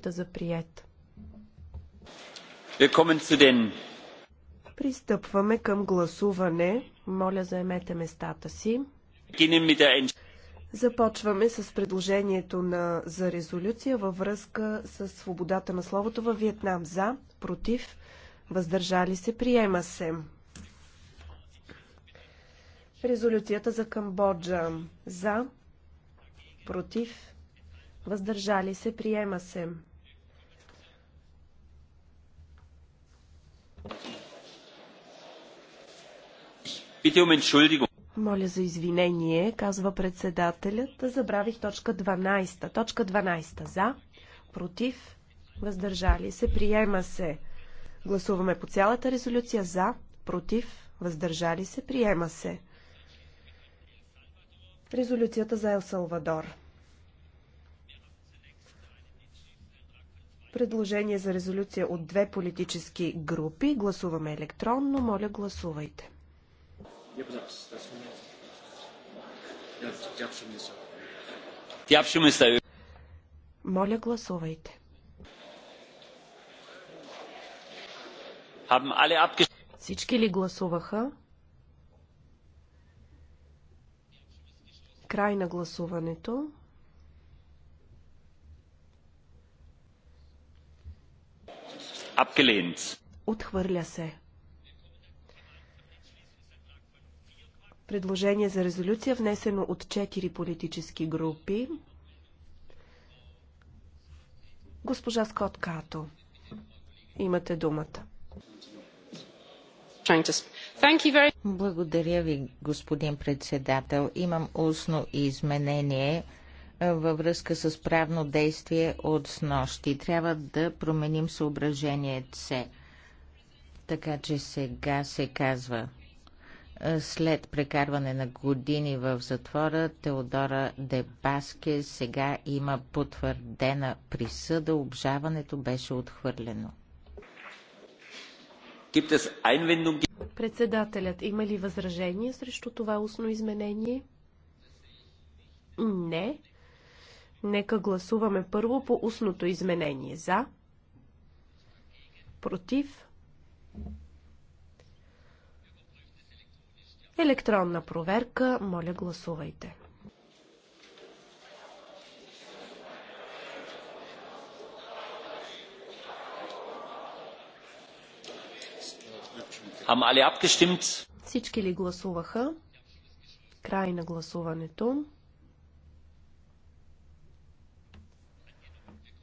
счита за прият. Пристъпваме към гласуване. Моля, заемете местата си. Започваме с предложението на, за резолюция във връзка с свободата на словото във Виетнам. За, против, въздържали се, приема се. Резолюцията за Камбоджа. За, против, въздържали се, приема се. Моля за извинение, казва председателят. Забравих точка 12. Точка 12. За, против, въздържали се, приема се. Гласуваме по цялата резолюция за, против, въздържали се, приема се. Резолюцията за Ел Салвадор. Предложение за резолюция от две политически групи. Гласуваме електронно. Моля, гласувайте. Моля, гласувайте. Всички ли гласуваха? Край на гласуването. abgelehnt. Отхвърля се. Предложение за резолюция, внесено от четири политически групи. Госпожа Скот Като, имате думата. Благодаря ви, господин председател. Имам устно изменение във връзка с правно действие от снощи. Трябва да променим съображение се. Така че сега се казва след прекарване на години в затвора, Теодора Дебаске сега има потвърдена присъда. Обжаването беше отхвърлено. Председателят, има ли възражение срещу това устно изменение? Не. Нека гласуваме първо по устното изменение. За? Против? Електронна проверка. Моля, гласувайте. Всички ли гласуваха? Край на гласуването.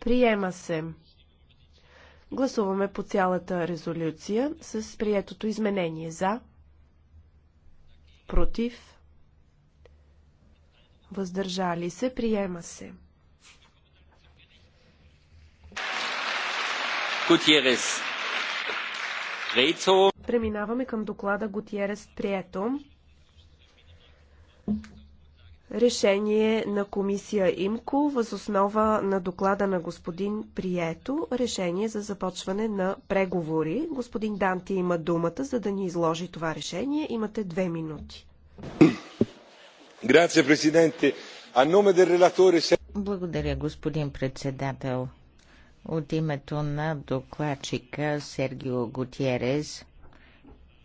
Приема се. Гласуваме по цялата резолюция с приетото изменение за, против, въздържали се, приема се. Гутиерес. Преминаваме към доклада Гутиерес Прието. Решение на комисия ИМКО възоснова на доклада на господин Прието. Решение за започване на преговори. Господин Данти има думата, за да ни изложи това решение. Имате две минути. Благодаря, господин председател. От името на докладчика Сергио Гутиерес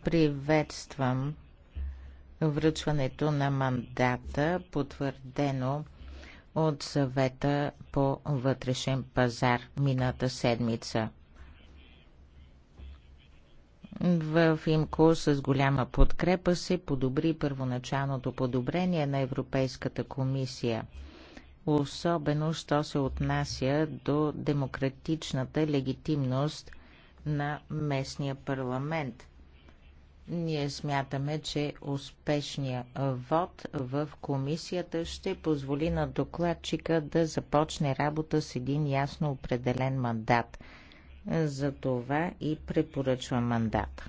приветствам връчването на мандата, потвърдено от съвета по вътрешен пазар мината седмица. В ИМКО с голяма подкрепа се подобри първоначалното подобрение на Европейската комисия, особено що се отнася до демократичната легитимност на местния парламент – ние смятаме, че успешния вод в комисията ще позволи на докладчика да започне работа с един ясно определен мандат. За това и препоръчва мандат.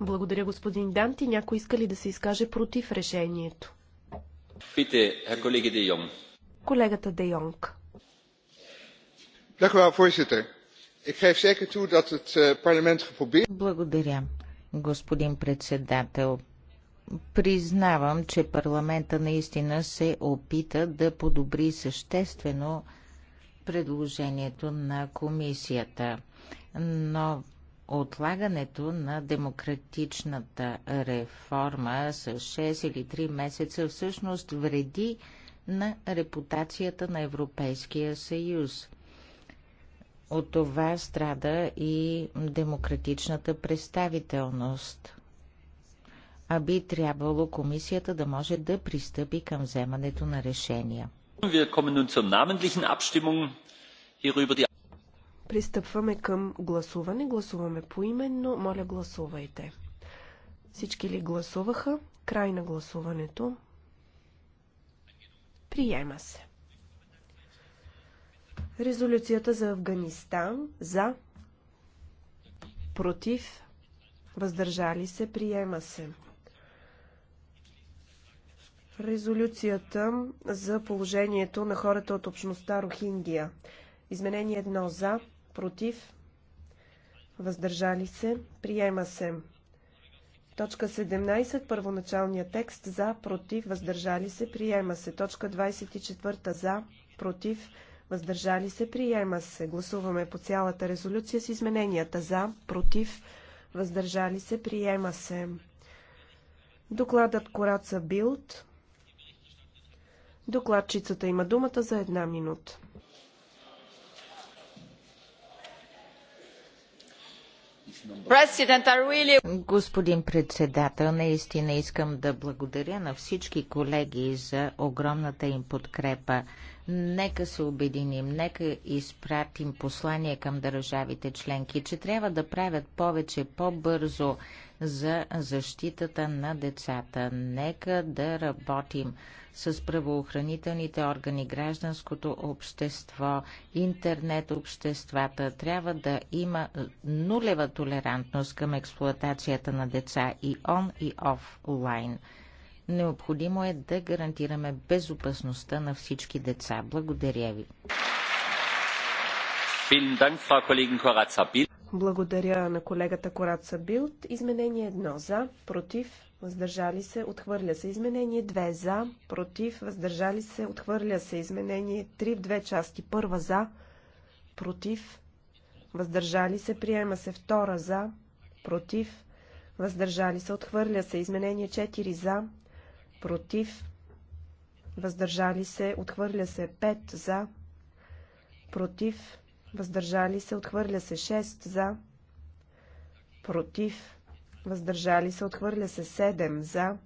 Благодаря, господин Данти. Някой иска ли да се изкаже против решението? Пите, колеги Де Йонг. Колегата Де Йонг. Eh, Благодаря господин председател. Признавам, че парламента наистина се опита да подобри съществено предложението на комисията, но отлагането на демократичната реформа с 6 или 3 месеца всъщност вреди на репутацията на Европейския съюз. От това страда и демократичната представителност. А би трябвало комисията да може да пристъпи към вземането на решения. Пристъпваме към гласуване. Гласуваме поименно. Моля, гласувайте. Всички ли гласуваха? Край на гласуването. Приема се. Резолюцията за Афганистан за против въздържали се приема се. Резолюцията за положението на хората от общността Рохингия. Изменение едно за против въздържали се приема се. Точка 17. Първоначалният текст за, против, въздържали се, приема се. Точка 24. За, против, въздържали се, приема се. Гласуваме по цялата резолюция с измененията за, против, въздържали се, приема се. Докладът Кораца Билд. Докладчицата има думата за една минута. Господин председател, наистина искам да благодаря на всички колеги за огромната им подкрепа. Нека се обединим, нека изпратим послание към държавите членки, че трябва да правят повече по-бързо за защитата на децата. Нека да работим с правоохранителните органи, гражданското общество, интернет обществата. Трябва да има нулева толерантност към експлуатацията на деца и он и офлайн. Необходимо е да гарантираме безопасността на всички деца. Благодаря ви. Благодаря на колегата Кораца Билт. Изменение едно за, против, въздържали се, отхвърля се. Изменение две за, против, въздържали се, отхвърля се. Изменение Три в две части. Първа за, против, въздържали се, приема се. Втора за, против, въздържали се, отхвърля се. Изменение четири за, против, въздържали се, отхвърля се 5 за, против, въздържали се, отхвърля се 6 за, против, въздържали се, отхвърля се 7 за,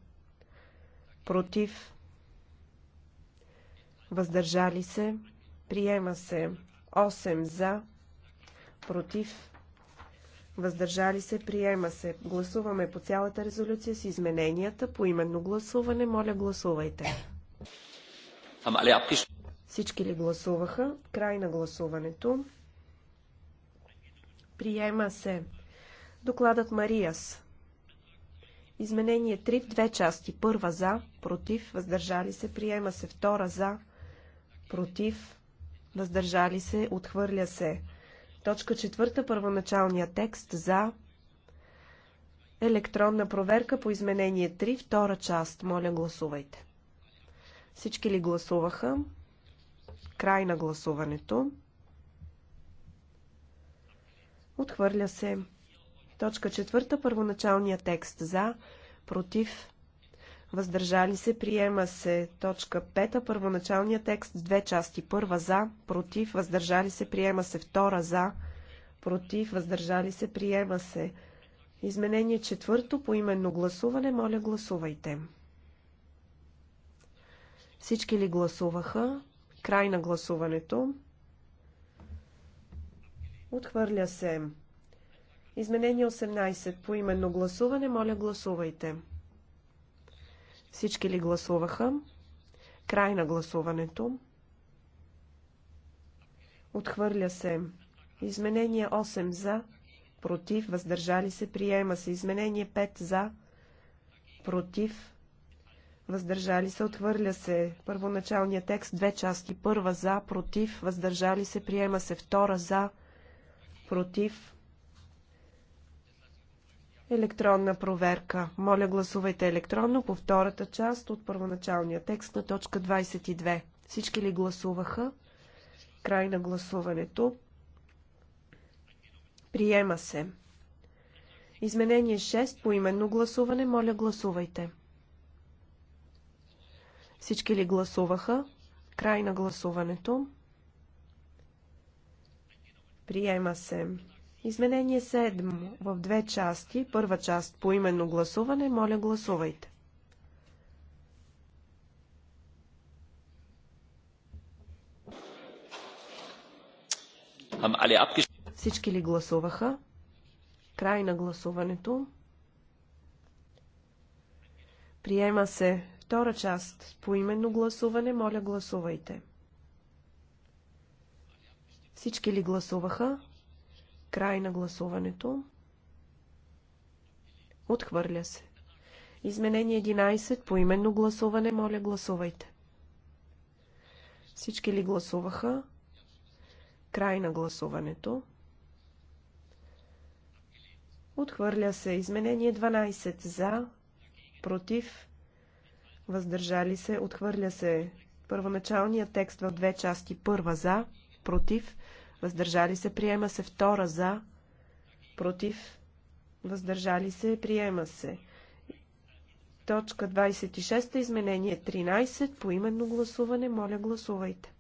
против, въздържали се, приема се 8 за, против, Въздържали се, приема се. Гласуваме по цялата резолюция с измененията. По именно гласуване, моля гласувайте. Всички ли гласуваха? Край на гласуването. Приема се. Докладът Мариас. Изменение 3 в две части. Първа за, против, въздържали се, приема се. Втора за, против, въздържали се, отхвърля се. Точка четвърта, първоначалният текст за електронна проверка по изменение 3, втора част. Моля, гласувайте. Всички ли гласуваха? Край на гласуването. Отхвърля се. Точка четвърта, първоначалният текст за, против, въздържали се, приема се. Точка 5, първоначалният текст, с две части. Първа за, против, въздържали се, приема се. Втора за, против, въздържали се, приема се. Изменение четвърто, по именно гласуване, моля гласувайте. Всички ли гласуваха? Край на гласуването. Отхвърля се. Изменение 18. По именно гласуване, моля гласувайте. Всички ли гласуваха? Край на гласуването. Отхвърля се. Изменение 8 за, против, въздържали се, приема се. Изменение 5 за, против, въздържали се, отхвърля се. Първоначалният текст, две части. Първа за, против, въздържали се, приема се. Втора за, против, електронна проверка. Моля гласувайте електронно по втората част от първоначалния текст на точка 22. Всички ли гласуваха? Край на гласуването. Приема се. Изменение 6 по именно гласуване. Моля гласувайте. Всички ли гласуваха? Край на гласуването. Приема се. Изменение 7 в две части. Първа част по именно гласуване. Моля, гласувайте. Всички ли гласуваха? Край на гласуването. Приема се втора част по именно гласуване. Моля, гласувайте. Всички ли гласуваха? Край на гласуването. Отхвърля се. Изменение 11 по именно гласуване. Моля, гласувайте. Всички ли гласуваха? Край на гласуването. Отхвърля се. Изменение 12 за, против, въздържали се. Отхвърля се първоначалният текст в две части. Първа за, против, въздържали се, приема се. Втора за, против, въздържали се, приема се. Точка 26, изменение 13, по именно гласуване, моля гласувайте.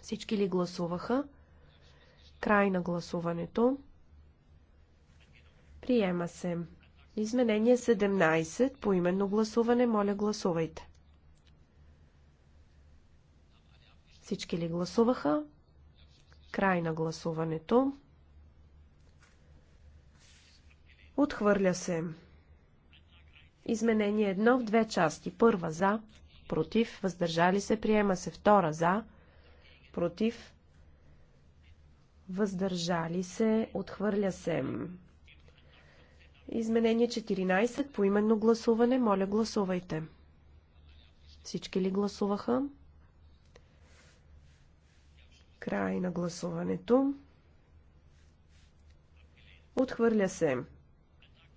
Всички ли гласуваха? Край на гласуването. Приема се. Изменение 17, по именно гласуване, моля гласувайте. Всички ли гласуваха? Край на гласуването. Отхвърля се. Изменение едно в две части. Първа за, против, въздържали се, приема се. Втора за, против, въздържали се, отхвърля се. Изменение 14 по именно гласуване. Моля, гласувайте. Всички ли гласуваха? Край на гласуването. Отхвърля се.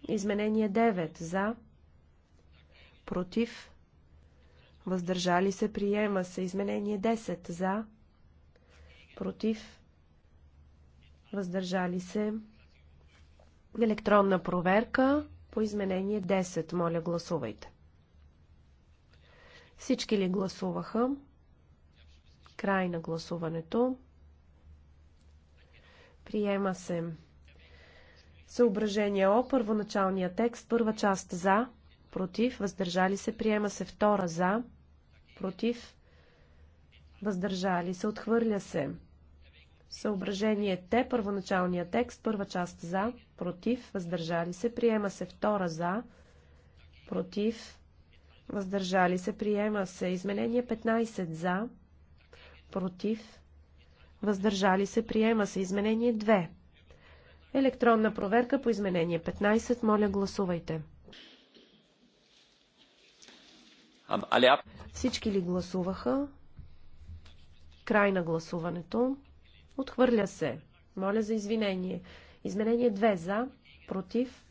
Изменение 9. За. Против. Въздържали се. Приема се. Изменение 10. За. Против. Въздържали се. Електронна проверка по изменение 10. Моля, гласувайте. Всички ли гласуваха? Край на гласуването. Приема се. Съображение О. Първоначалния текст. Първа част за. Против. Въздържали се. Приема се. Втора за. Против. Въздържали се. Отхвърля се. Съображение Т. Първоначалния текст. Първа част за. Против. Въздържали се. Приема се. Втора за. Против. Въздържали се. Приема се. Изменение 15 за против, въздържали се, приема се. Изменение 2. Електронна проверка по изменение 15. Моля, гласувайте. Всички ли гласуваха? Край на гласуването. Отхвърля се. Моля за извинение. Изменение 2 за, против.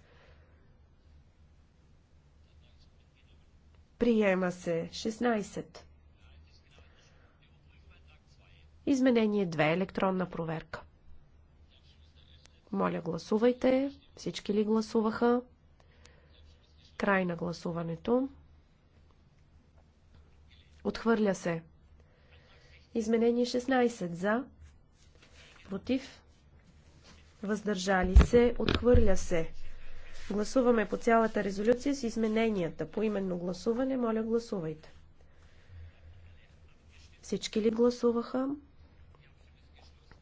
Приема се 16. Изменение 2. Електронна проверка. Моля, гласувайте. Всички ли гласуваха? Край на гласуването. Отхвърля се. Изменение 16. За. Против. Въздържали се. Отхвърля се. Гласуваме по цялата резолюция с измененията. По именно гласуване, моля гласувайте. Всички ли гласуваха?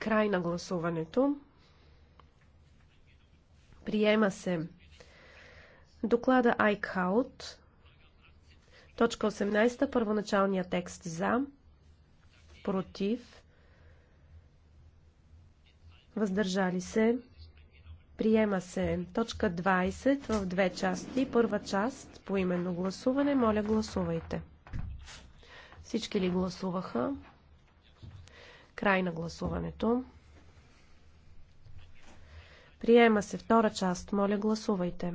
Край на гласуването. Приема се доклада Айкхаут. Точка 18. Първоначалния текст за. Против. Въздържали се. Приема се точка 20 в две части. Първа част по именно гласуване. Моля гласувайте. Всички ли гласуваха? Край на гласуването. Приема се втора част. Моля, гласувайте.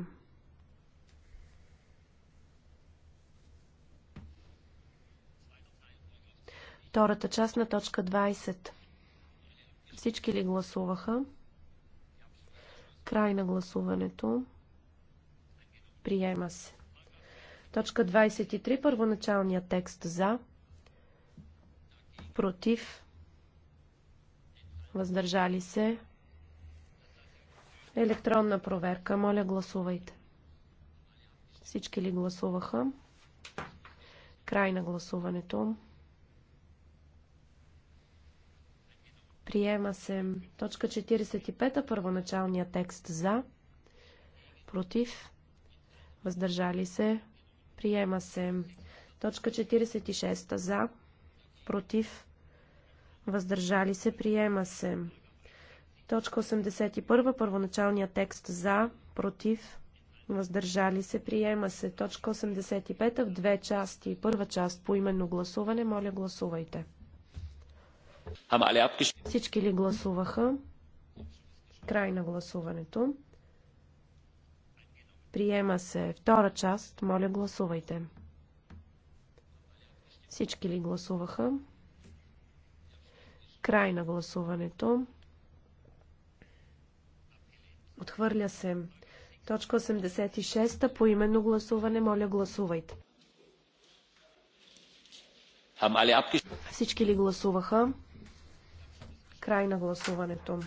Втората част на точка 20. Всички ли гласуваха? Край на гласуването. Приема се. Точка 23. Първоначалният текст за. Против въздържали се. Електронна проверка. Моля, гласувайте. Всички ли гласуваха? Край на гласуването. Приема се точка 45, първоначалния текст за, против, въздържали се. Приема се точка 46 за, против, въздържали се, приема се. Точка 81, първоначалния текст за, против, въздържали се, приема се. Точка 85 в две части. Първа част по именно гласуване, моля гласувайте. Всички ли гласуваха? Край на гласуването. Приема се втора част. Моля, гласувайте. Всички ли гласуваха? Край на гласуването. Отхвърля се. Точка 86 по именно гласуване. Моля, гласувайте. Всички ли гласуваха? Край на гласуването.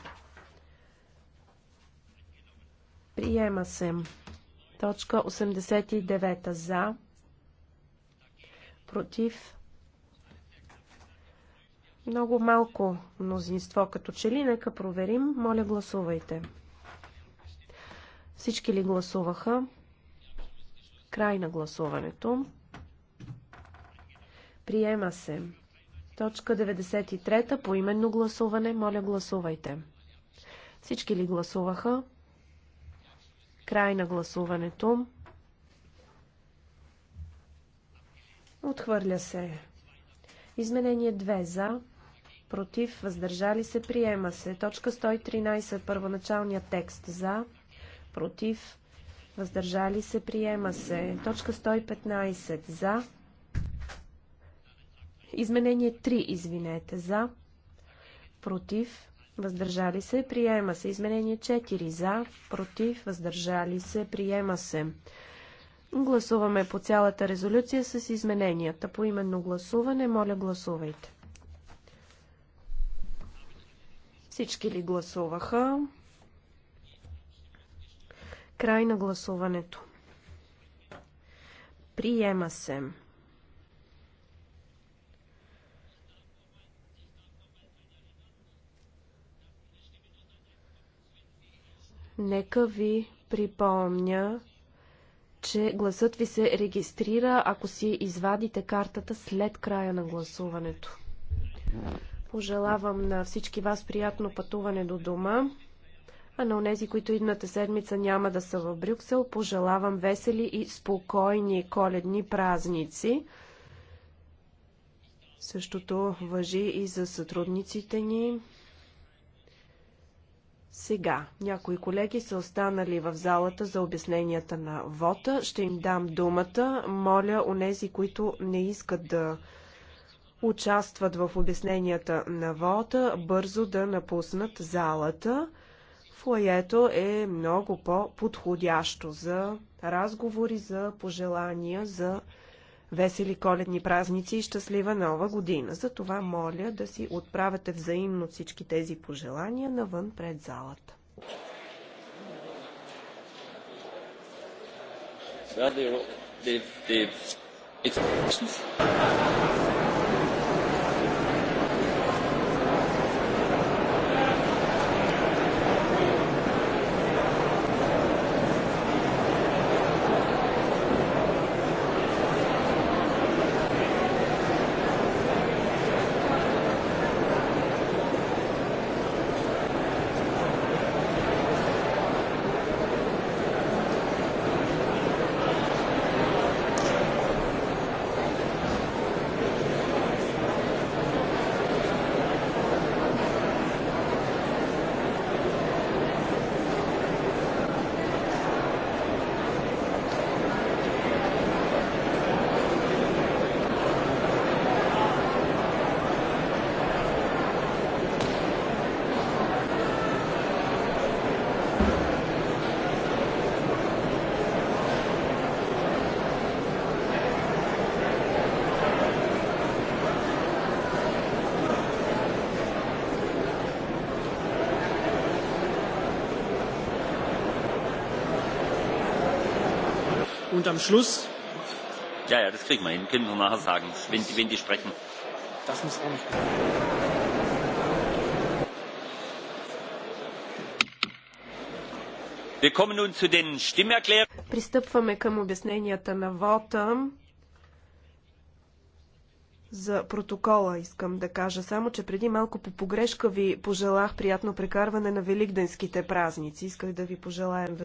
Приема се. Точка 89 за. Против. Много малко мнозинство като че ли. Нека проверим. Моля, гласувайте. Всички ли гласуваха? Край на гласуването. Приема се. Точка 93 по именно гласуване. Моля, гласувайте. Всички ли гласуваха? Край на гласуването. Отхвърля се. Изменение 2 за против, въздържали се, приема се. Точка 113, първоначалния текст за, против, въздържали се, приема се. Точка 115 за, изменение 3, извинете, за, против, въздържали се, приема се. Изменение 4 за, против, въздържали се, приема се. Гласуваме по цялата резолюция с измененията. По именно гласуване, моля гласувайте. Всички ли гласуваха? Край на гласуването. Приема се. Нека ви припомня, че гласът ви се регистрира, ако си извадите картата след края на гласуването. Пожелавам на всички вас приятно пътуване до дома, а на онези, които идната седмица няма да са в Брюксел, пожелавам весели и спокойни коледни празници. Същото въжи и за сътрудниците ни. Сега някои колеги са останали в залата за обясненията на вота. Ще им дам думата. Моля, онези, които не искат да участват в обясненията на вота, бързо да напуснат залата. Флоето е много по-подходящо за разговори, за пожелания, за весели коледни празници и щастлива нова година. Затова моля да си отправяте взаимно всички тези пожелания навън пред залата. Yeah, they, they, they, it's... und am Schluss. Ja, ja, das kriegen wir hin. Können wir nachher sagen, wenn, die, wenn die sprechen. Das muss auch nicht passieren. Пристъпваме към обясненията на вота. За протокола искам да кажа само, че преди малко по погрешка ви пожелах приятно прекарване на великденските празници. Исках да ви пожелаем